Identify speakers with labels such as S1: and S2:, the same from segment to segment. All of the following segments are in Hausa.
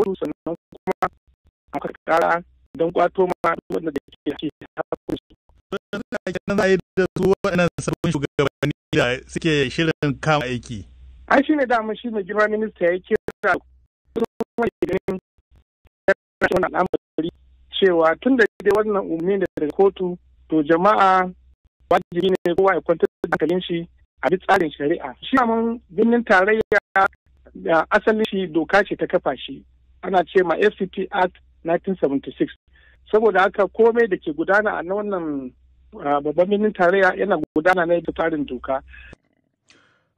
S1: kotu sannan kuma a kara don kwato
S2: ma wanda da ke ke su. Kenan za a yi da su waɗannan sabbin shugabanni da suke shirin kama aiki.
S1: An shi ne damar shi mai girma minista ya kira ganin wani al'amari cewa tun da dai wannan umarni da daga kotu to jama'a wajibi ne kowa ya kwantar da hankalin shi a bi tsarin shari'a. Shi mun birnin tarayya da asalin shi doka ce ta kafa shi. ana ce ma FCT Act 1976 saboda haka komai da ke gudana a wannan babban birnin tarayya yana gudana ne da tsarin doka.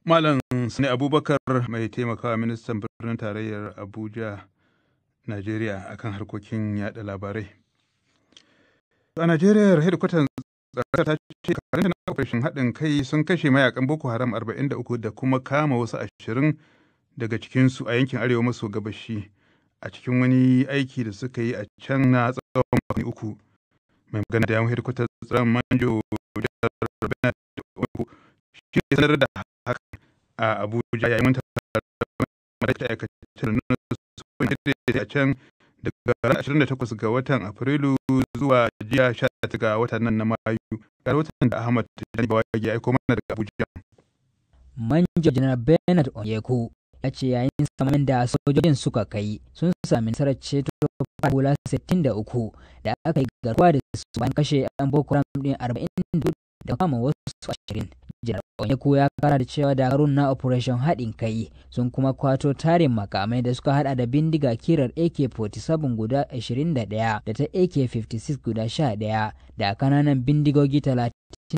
S2: Malam Sani Abubakar mai taimakawa ministan birnin tarayyar Abuja, Najeriya akan harkokin yada labarai. A Najeriya hedkwatan tsarkar ta ce karin na operation haɗin kai sun kashe mayakan Boko Haram 43 da kuma kama wasu ashirin daga cikinsu a yankin arewa maso gabashi. a cikin wani aiki da suka yi a can na tsawon makonni uku mai magana da yawon hirkutar tsaron manjo da bernard ogo shi ne sanar da haka a abuja yayin wani taron da aikace da nuna sun da a can daga ran 28 ga watan afrilu zuwa jiya 16 ga watan nan na mayu ga watan da ahmad tijjani bawa ya aiko mana daga abuja
S3: manjo janar bernard onyeko ya ce yayin samamin da sojojin suka kai sun sami nasarar ceto hula 63 da aka yi garkuwa da su bayan kashe ɗan boko haram din 42 da kama wasu 20 jiran ko ya kara da cewa dakarun na operation haɗin kai sun kuma kwato tarin makamai da suka hada da bindiga kirar ak-47 guda 21 da ta ak-56 guda 11 da kananan bindigogi 31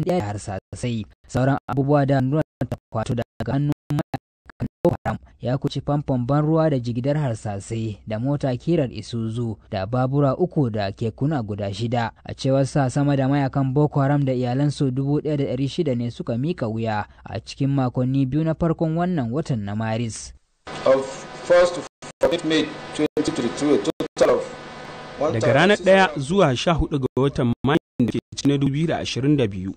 S3: da harsasai sauran abubuwa da nuna ta kwato daga hannun mayakan haram ya kuci famfon ban ruwa da jigidar harsasai da mota kirar isuzu da babura uku da kekuna guda shida a cewar sa sama da mayakan boko haram da iyalansu dubu ɗaya da ɗari shida ne suka mika wuya a cikin makonni biyu na farkon wannan watan na maris daga ranar daya
S4: zuwa 14 ga watan mayu da ke ci na 2022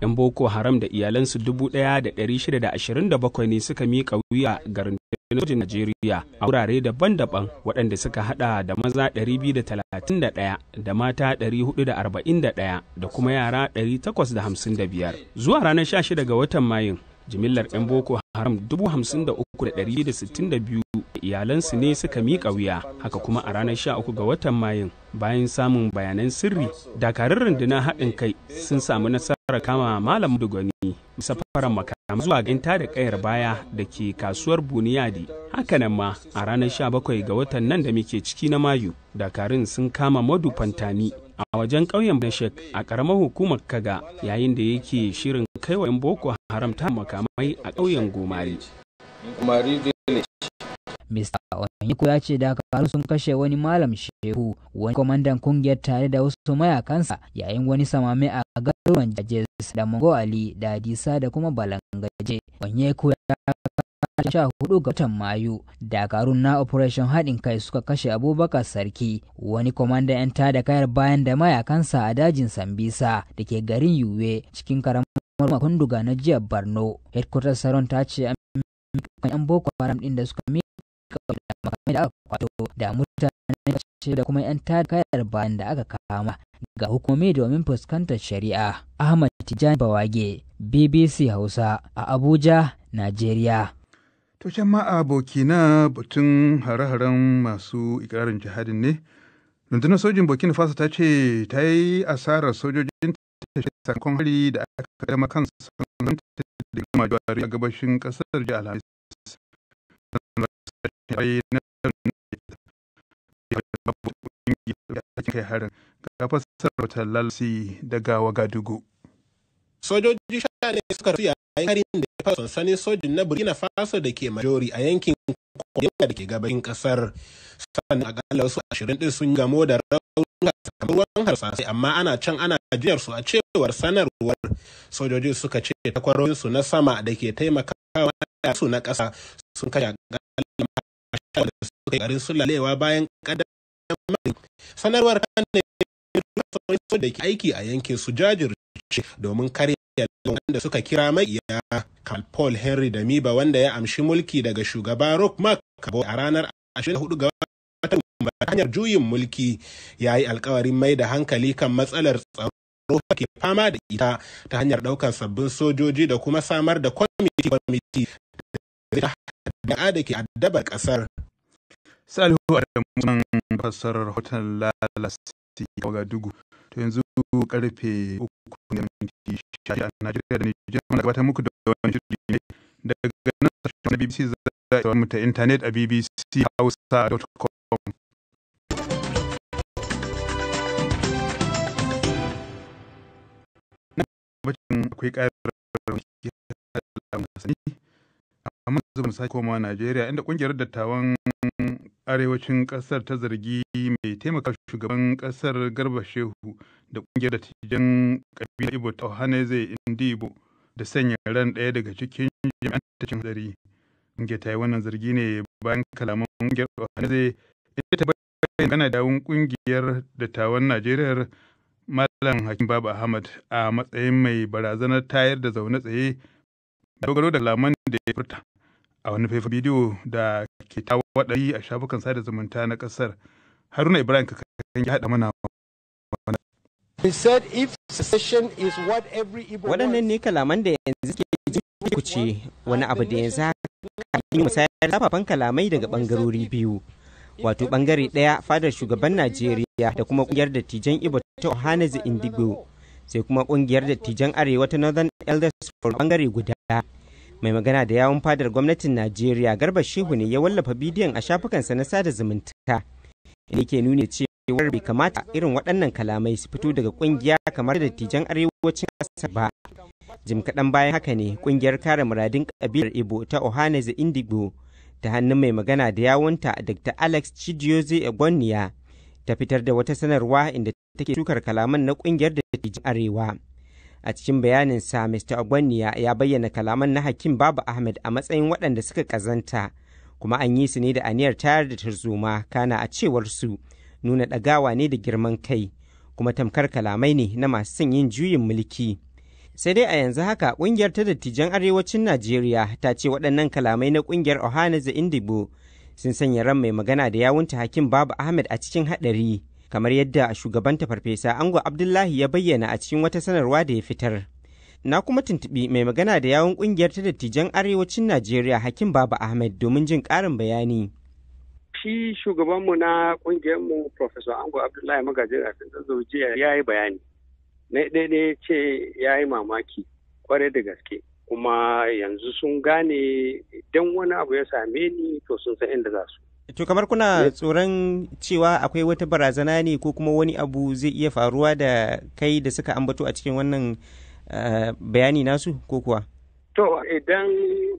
S4: 'yan boko haram da iyalansu dubu da da da shida ashirin bakwai ne suka miƙa wuya garin sojin najeriya a wurare daban-daban waɗanda suka haɗa da maza 231 da mata 441 da da kuma yara da 855 zuwa ranar 16 ga watan mayun jimillar 'yan boko haram biyu. iyalansu ne suka miƙa wuya haka kuma a ranar 13 ga watan mayun bayan samun bayanan sirri dakarun rundunar haɗin kai sun samu nasarar kama malam dugoni bisa fara makama zuwa ganta da ƙayar baya da ke kasuwar buniyadi hakanan ma a ranar 17 ga watan nan da muke ciki na mayu dakarun sun kama madu fantani a wajen ƙauyen Bashek a ƙaramar hukumar Kaga yayin da yake shirin kaiwa 'yan Boko Haram ta makamai a ƙauyen Gomari
S3: Mr. Onyeko ya ce dakaru sun kashe wani malam shehu wani kwamandan kungiyar tare da wasu mayakansa yayin wani samame a garuruwan jajes da Mongo Ali da Disa da kuma Balangaje. Onyeko ya sha hudu ga watan Mayu, Dakarun na Operation Haɗin Kai suka kashe Abubakar Sarki, wani kwamandan 'yan tada kayar bayan da mayakansa a dajin Sambisa da ke garin Yuwe cikin karamar makunduga na jiya Borno. Headquarters Saron ta ce an Boko Haram ɗin da suka suka da makamai da aka kwato da mutane da kuma 'yan kayar bayan da aka kama ga hukumomi domin fuskantar shari'a. Ahmad Tijani Bawage, BBC Hausa a Abuja, Najeriya.
S2: To ma abokina batun hare-haren masu ikirarin jihadin ne. Rundunar sojin Burkina Faso ta ce ta yi asarar sojojin sakamakon hari da aka kama kan da a gabashin kasar jihar Alhamis. kai harin
S4: ga daga wagadugu. Sojoji sha ne suka rasu yayin harin da ya fasa sansanin sojin na Burkina Faso da ke Majori a yankin Koriya da ke gabashin kasar. Sannan akalla wasu ashirin ɗin sun gamo da raunuka Ruwan harsasai amma ana can ana jiyar su a cewar sanarwar sojoji suka ce takwarorinsu na sama da ke taimakawa su na ƙasa sun kashe akalla da suka yi garin sulalewa bayan kaddamar sanarwar da ke aiki a yankin su jajirce domin kare wanda suka kira mai iya. Karl Paul Henry da Miba wanda ya amshi mulki daga shugaba Rock Mark a ranar 24 ga watan hanyar juyin mulki ya yi alkawarin mai da hankali kan matsalar tsaro ke fama da ita ta hanyar daukar sabbin sojoji da kuma samar da kwamiti da ke addabar kasar
S2: Salihu Adamu nan fassarar hoton lalasi ga dugu. To yanzu karfe uku da minti shashi a Najeriya da Nijar muna gabatar muku da wani shiri ne daga nan sashen na BBC za a yi ta intanet a bbchausa.com. Bacin akwai ƙarar masani, amma zuwa sake koma Najeriya inda ƙungiyar dattawan arewacin ƙasar ta zargi mai taimaka shugaban ƙasar garba shehu da ƙungiyar da tijan ƙabilar ibo ta haneze indibo da sanya ran daya daga cikin jami'an ta cin hadari inge ta yi wannan zargi ne bayan kalaman ƙungiyar ohaneze inda ta bayyana gana dawun ƙungiyar dattawan najeriya malam hakim baba ahmad a matsayin mai barazanar tayar da zaune tsaye dogaro da laman da ya furta a wani faifan bidiyo da ke tawo waɗayi a shafukan sada zumunta na ƙasar haruna ibrahim kan ya haɗa mana
S5: waɗannan ne kalaman da yanzu ke kuce wani abu da yanzu haka yi musayar zafafan kalamai daga ɓangarori biyu wato ɓangare ɗaya fadar shugaban najeriya da kuma ƙungiyar dattijan ibo ta ohanaze indigo sai kuma ƙungiyar dattijan arewa ta northern elders for ɓangare guda mai magana da yawon fadar gwamnatin najeriya garba shehu ne ya wallafa bidiyon a shafukansa na sada zumunta inda ke nuna cewar bai kamata irin waɗannan kalamai su fito daga ƙungiya kamar da dattijan arewacin ƙasar ba jim kaɗan bayan haka ne ƙungiyar kare muradin ƙabilar ibo ta za indigo ta hannun mai magana da yawunta dr alex chidioze egonia ta fitar da wata sanarwa inda take shukar kalaman na ƙungiyar dattijan arewa a cikin bayaninsa mr ogwaniya ya bayyana kalaman na hakim babu ahmed a matsayin waɗanda suka ƙazanta kuma an yi su ne da aniyar tayar da tarzoma kana a cewar su nuna ɗagawa ne da girman kai kuma tamkar kalamai ne na masu son yin juyin mulki sai dai a yanzu haka ƙungiyar ta dattijan arewacin najeriya ta ce waɗannan kalamai na ƙungiyar ohanaze indibo sun sanya ran mai magana da yawunta hakim babu ahmed a cikin haɗari kamar yadda shugabanta farfesa ango abdullahi ya bayyana a cikin wata sanarwa da ya fitar na kuma tuntubi mai magana da yawon ƙungiyar ta dattijan arewacin najeriya hakim baba ahmed domin jin ƙarin bayani
S1: shi shugabanmu na mu professor ango abdullahi magajin rafin jiya ya yi bayani na ɗaya ne ce ya yi mamaki kwarai da gaske kuma yanzu sun gane idan wani abu ya same ni to sun san inda za
S5: su To kamar kuna eh. tsoron cewa akwai wata barazana ne ko kuma wani abu zai iya faruwa da kai da suka ambato a cikin wannan eh, bayani nasu ko kuwa?
S1: To idan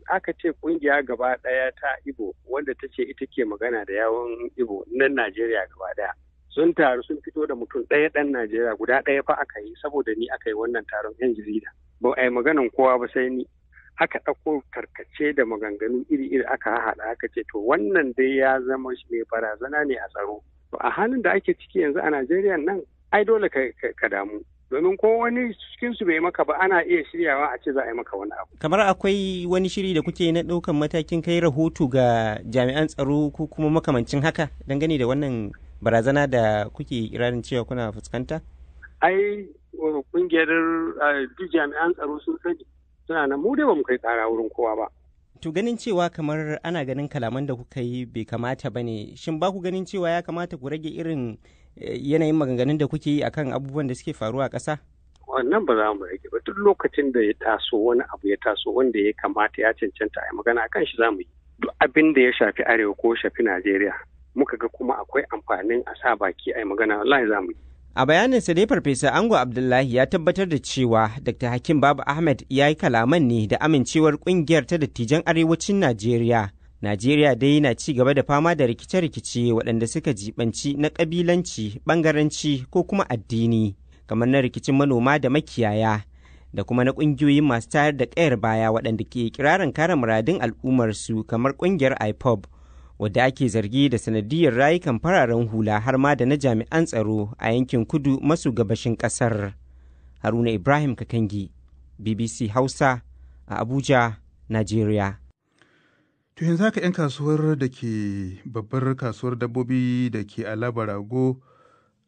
S1: aka ce kungiya gaba ɗaya ta igbo wanda ta ce ita ke magana da yawon igbo nan Najeriya gaba ɗaya. Sun taru sun fito da mutum ɗaya ɗan Najeriya guda ɗaya fa aka yi saboda ni aka yi wannan taron 'yan jarida. Ba a yi maganan kowa ba sai ni. aka ɗauko karkace da maganganu iri-iri aka haɗa aka ce to wannan dai ya zama mai barazana ne a tsaro to a halin da ake ciki yanzu a najeriya nan ai dole ka damu domin ko wani cikin su bai maka ba ana iya shiryawa a ce za a yi maka wani
S5: abu kamar akwai wani shiri da kuke na ɗaukan matakin kai rahoto ga jami'an tsaro ko kuma makamancin haka dangane da wannan barazana da kuke irarin cewa kuna fuskanta
S1: ai kungiyar eh, duk jami'an tsaro sun sani suna nan mu dai ba mu kai tsara wurin kowa ba
S5: to ganin cewa kamar ana ganin kalaman da kuka yi bai kamata ba ne shin ba ku ganin cewa ya kamata ku rage irin eh, yanayin maganganun da kuke yi akan abubuwan da suke faruwa a ƙasa
S1: wannan ba za mu rage ba duk lokacin da ya taso wani abu ya taso wanda ya kamata ya cancanta a yi magana akan shi za mu yi duk abin da ya shafi arewa ko shafi najeriya muka ga kuma akwai amfanin a sa baki a yi magana wallahi za mu yi
S5: A bayaninsa dai Farfesa Ango Abdullahi ya tabbatar da cewa Dr. Hakim Babu Ahmed ya yi kalaman ne da amincewar ƙungiyar ta dattijan arewacin Najeriya. Najeriya dai na ci gaba da fama da rikice-rikice waɗanda suka jibanci na ƙabilanci, ɓangaranci ko kuma addini, kamar na rikicin manoma da makiyaya, da kuma na ƙungiyoyin masu tayar da ƙayar baya waɗanda ke kirarin kare muradun al'ummarsu kamar ƙungiyar IPOB. wadda ake zargi da sanadiyar rayukan fararen hula har ma da na jami'an tsaro a yankin kudu masu gabashin kasar haruna ibrahim kakangi bbc hausa a abuja nigeria
S2: to yanzu haka 'yan kasuwar da ke babbar kasuwar dabbobi da ke alaba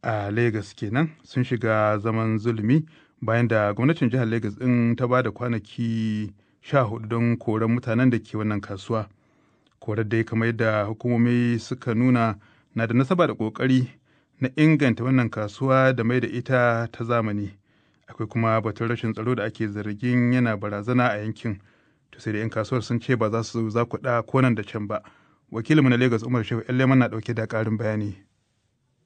S2: a Legas kenan sun shiga zaman zulumi bayan da gwamnatin jihar Legas din ta ba da kwanaki sha hudu don koran mutanen da ke wannan kasuwa. korar dai kamar yadda hukumomi suka nuna na da nasaba da kokari na inganta wannan kasuwa da mai da ita ta zamani akwai kuma batun rashin tsaro da ake zargin yana barazana a yankin to sai da 'yan kasuwar sun ce ba za su da konan da can ba wakilinmu na lagos umar shehu yan na dauke da karin bayani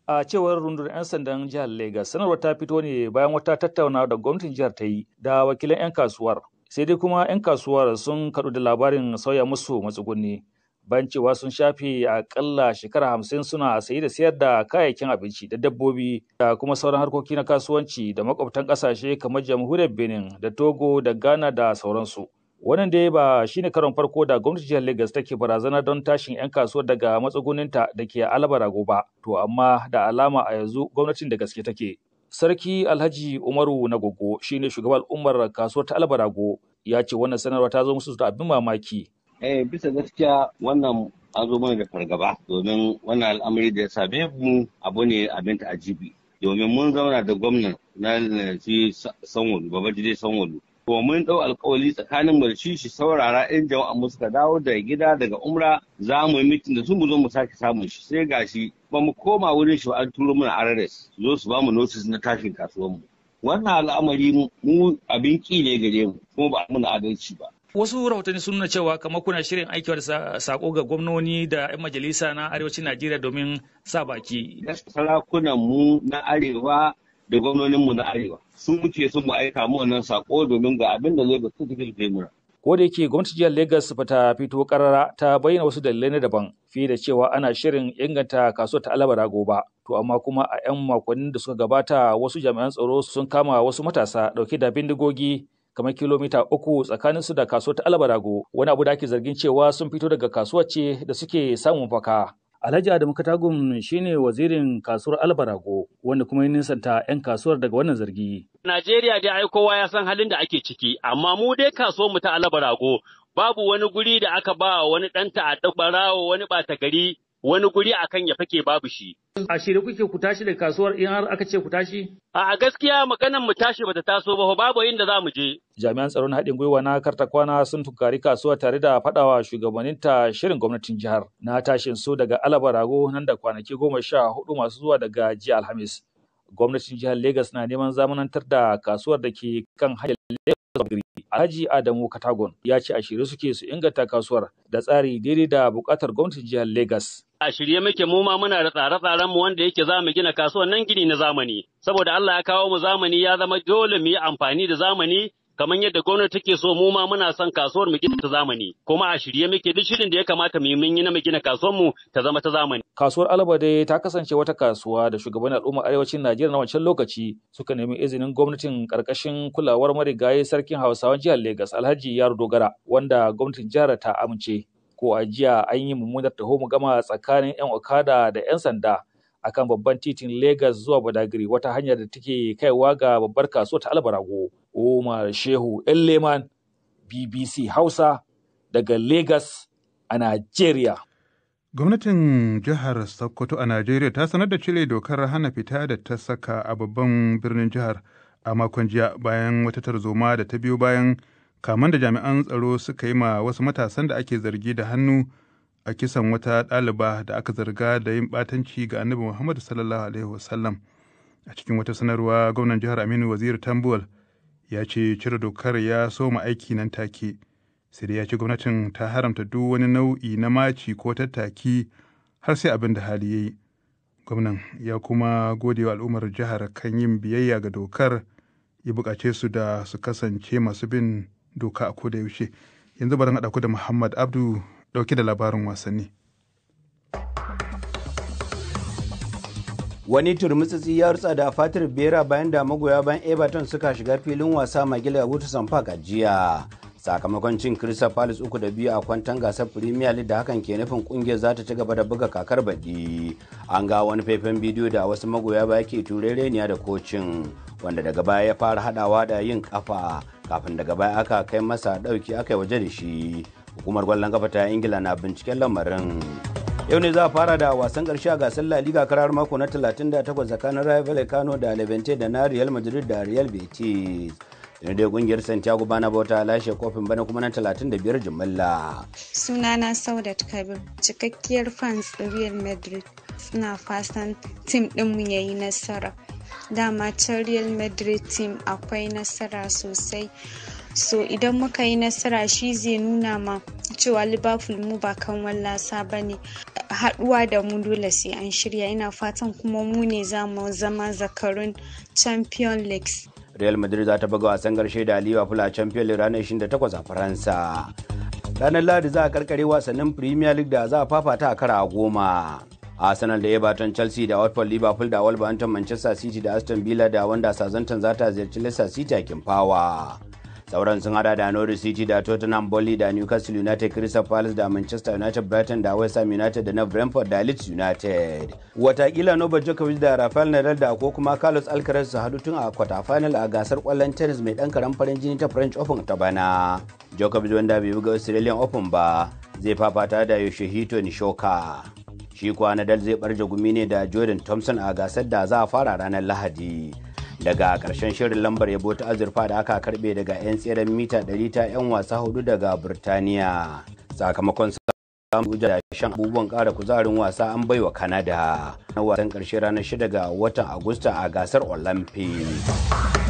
S6: a cewar rundunar 'yan sandan jihar Legas sanarwar ta fito ne bayan wata tattaunawa da gwamnatin jihar ta yi da wakilan 'yan kasuwar sai dai kuma 'yan kasuwar sun kaɗu da labarin sauya musu matsuguni Bancewa sun shafe akalla shekara hamsin suna sayi da sayar da kayayyakin abinci da dabbobi da kuma sauran harkoki na kasuwanci da makwabtan ƙasashe kamar jamhuriyar benin da togo da ghana da sauransu wannan dai ba shine karon farko da gwamnati jihar lagos take barazana don tashin 'yan kasuwar daga matsuguninta da ke alaba rago ba to amma da alama a yanzu gwamnatin da gaske take sarki alhaji umaru na gogo shine shugaban al'ummar kasuwar ta alaba rago ya ce wannan sanarwa ta zo musu da abin mamaki eh bisa gaskiya wannan an zo mana da fargaba domin wannan al'amari da ya same mu abu ne abin ta ajibi domin mun zauna da gwamna na lalace sanwalu jide sanwalu kuma mun dau alkawali tsakanin mu da shi shi saurara in jama'a mu suka dawo da gida daga umra za mu yi mitin da su mu zo mu sake samun shi sai gashi ba mu koma wurin shi ba an turo mana RRS zo su ba mu notice na tashin kasuwar mu wannan al'amari mu abin ki ne gare mu kuma ba mu na adalci ba wasu rahotanni sun nuna cewa kamar kuna shirin aikiwar sako ga gwamnoni da 'yan majalisa na arewacin najeriya domin sa baki sarakunan mu na arewa da gwamnonin mu na arewa sun wuce sun mu aika mu wannan sako domin ga abin da zai ga su take mura ko da yake gwamnati jihar Legas ta fito karara ta bayyana wasu dalilai na daban fiye da cewa ana shirin inganta kasuwar ta alaba rago to amma kuma a 'yan makonnin da suka gabata wasu jami'an tsaro sun kama wasu matasa dauke da bindigogi kamar kilomita uku tsakanin su da kasuwar albarago wani abu da ake zargin cewa sun fito daga kasuwar ce da suke samun faka Alhaji Adamu Katagum shine wazirin kasuwar Albarago wanda kuma yin nisanta 'yan kasuwar daga wannan zargi. Najeriya dai ai kowa ya san halin da ake ciki, amma mu dai kasuwar mu ta Albarago babu wani guri da aka ba wani ɗan ta'adda barawo wani ɓata gari wani guri akan ya fake babu shi. A shirye kuke ku tashi daga kasuwar in har aka ce ku tashi? A gaskiya maganar mu tashi bata taso ba babu inda za mu je. Jami'an tsaron haɗin gwiwa na Kartakwana sun tunkari kasuwa tare da faɗawa shugabanninta shirin gwamnatin jihar. Na tashin su daga Alaba Rago nan da kwanaki goma sha hudu masu zuwa daga jiya Alhamis. Gwamnatin jihar Legas na neman zamanantar da kasuwar da ke kan hanyar Legas Alhaji Adamu Katagon ya ce a shirye suke su inganta kasuwar da tsari daidai da bukatar gwamnatin jihar Legas. a shirye muke mu ma muna da tsare-tsaren mu wanda yake za mu gina kasuwar nan gini na zamani saboda Allah ya kawo mu zamani ya zama dole mu yi amfani da zamani kamar yadda gwamnati take so mu ma muna son kasuwar mu gina ta zamani kuma a shirye muke duk shirin da ya kamata mu yi mun yi na mu gina kasuwar mu ta zama ta zamani kasuwar Alaba dai ta kasance wata kasuwa da shugaban al'umma arewacin Najeriya na wancan lokaci suka nemi izinin gwamnatin karkashin kulawar marigayi sarkin Hausawa jihar Legas Alhaji Yaro Dogara wanda gwamnatin jihar ta amince ko a jiya an yi mummunar taho gama tsakanin 'yan okada da 'yan sanda a kan babban titin Legas zuwa Badagiri wata hanyar da take kaiwa ga babbar kasuwar ta Albarago. Omar Shehu Leman BBC Hausa daga Legas a Najeriya.
S2: Gwamnatin jihar Sokoto a Najeriya ta sanar da cire dokar hana fita da ta saka a babban birnin jihar a makon jiya bayan wata tarzoma da ta biyo bayan kaman da jami'an tsaro suka yi ma wasu matasan da ake zargi da hannu a kisan wata ɗaliba da aka zarga da yin ɓatanci ga annabi muhammadu sallallahu alaihi wasallam a cikin wata sanarwa gwamnan jihar aminu waziri tambuwal ya ce cire dokar ya soma aiki nan take sai dai ya ce gwamnatin ta haramta duk wani nau'i na maci ko tattaki har sai abin da hali ya yi gwamnan ya kuma gode wa al'ummar jihar kan yin biyayya ga dokar ya buƙace su da su kasance masu bin doka a koda yaushe yanzu bari haɗa ku da muhammad abdu ɗauke da labarin wasanni
S7: wani turmutsitsi ya rutsa da fatir bera bayan da magoya bayan everton suka shiga filin wasa magila a woodson park a jiya sakamakon cin crystal palace uku da biyu a kwantan gasar premier league da hakan ke nufin kungiyar za ta ci gaba da buga kakar baki an ga wani faifan bidiyo da wasu magoya baya ke turereniya da kocin wanda daga baya ya fara hadawa da yin kafa kafin daga baya aka kai masa ɗauki aka yi waje da shi hukumar gwallon kafa ta ingila na binciken lamarin yau ne za a fara da wasan karshe a gasar la liga karar mako na 38 tsakanin rayo vallecano da levante da na real madrid da real betis yanzu dai kungiyar santiago bana bauta lashe kofin bana kuma na 35 jimilla
S3: sunana saudat kabir cikakkiyar fans real madrid suna fasan tim dinmu ya yi nasara dama can real madrid team akwai nasara sosai so idan muka yi nasara shi zai nuna ma cewa liverpool mu ba kan wallasa ba ne haɗuwa da mu dole sai an shirya ina fatan kuma mu ne za mu zama zakarun champion league
S7: real madrid za ta buga wasan karshe da liverpool a champion league ranar 28 a faransa ranar lahadi za a karkare wasannin premier league da za a fafata a kara goma arsenal da everton chelsea da watford liverpool da wolverhampton manchester city da aston villa da wanda sazantan za ta ziyarci leicester city a kimfawa sauran sun hada da norwich city da tottenham bolly da newcastle united crystal palace da manchester united brighton da west ham united da na brentford da leeds united watakila novak djokovic da rafael nadal da ko kuma carlos alcaraz su hadu tun a kwata final a gasar kwallon tennis mai dan karan farin jini ta french open ta bana djokovic wanda bai buga australian open ba zai fafata da yoshihito nishoka shi kuwa nadal zai barje gumi ne da jordan thompson a gasar da za a fara ranar lahadi daga karshen shirin lambar yabo ta azurfa da aka karbe daga 'yan tseren mita 100 ta 'yan wasa hudu daga burtaniya sakamakon samun da shan abubuwan kara kuzarin wasa an baiwa kanada na wasan karshe ranar 6 ga watan agusta a gasar olympic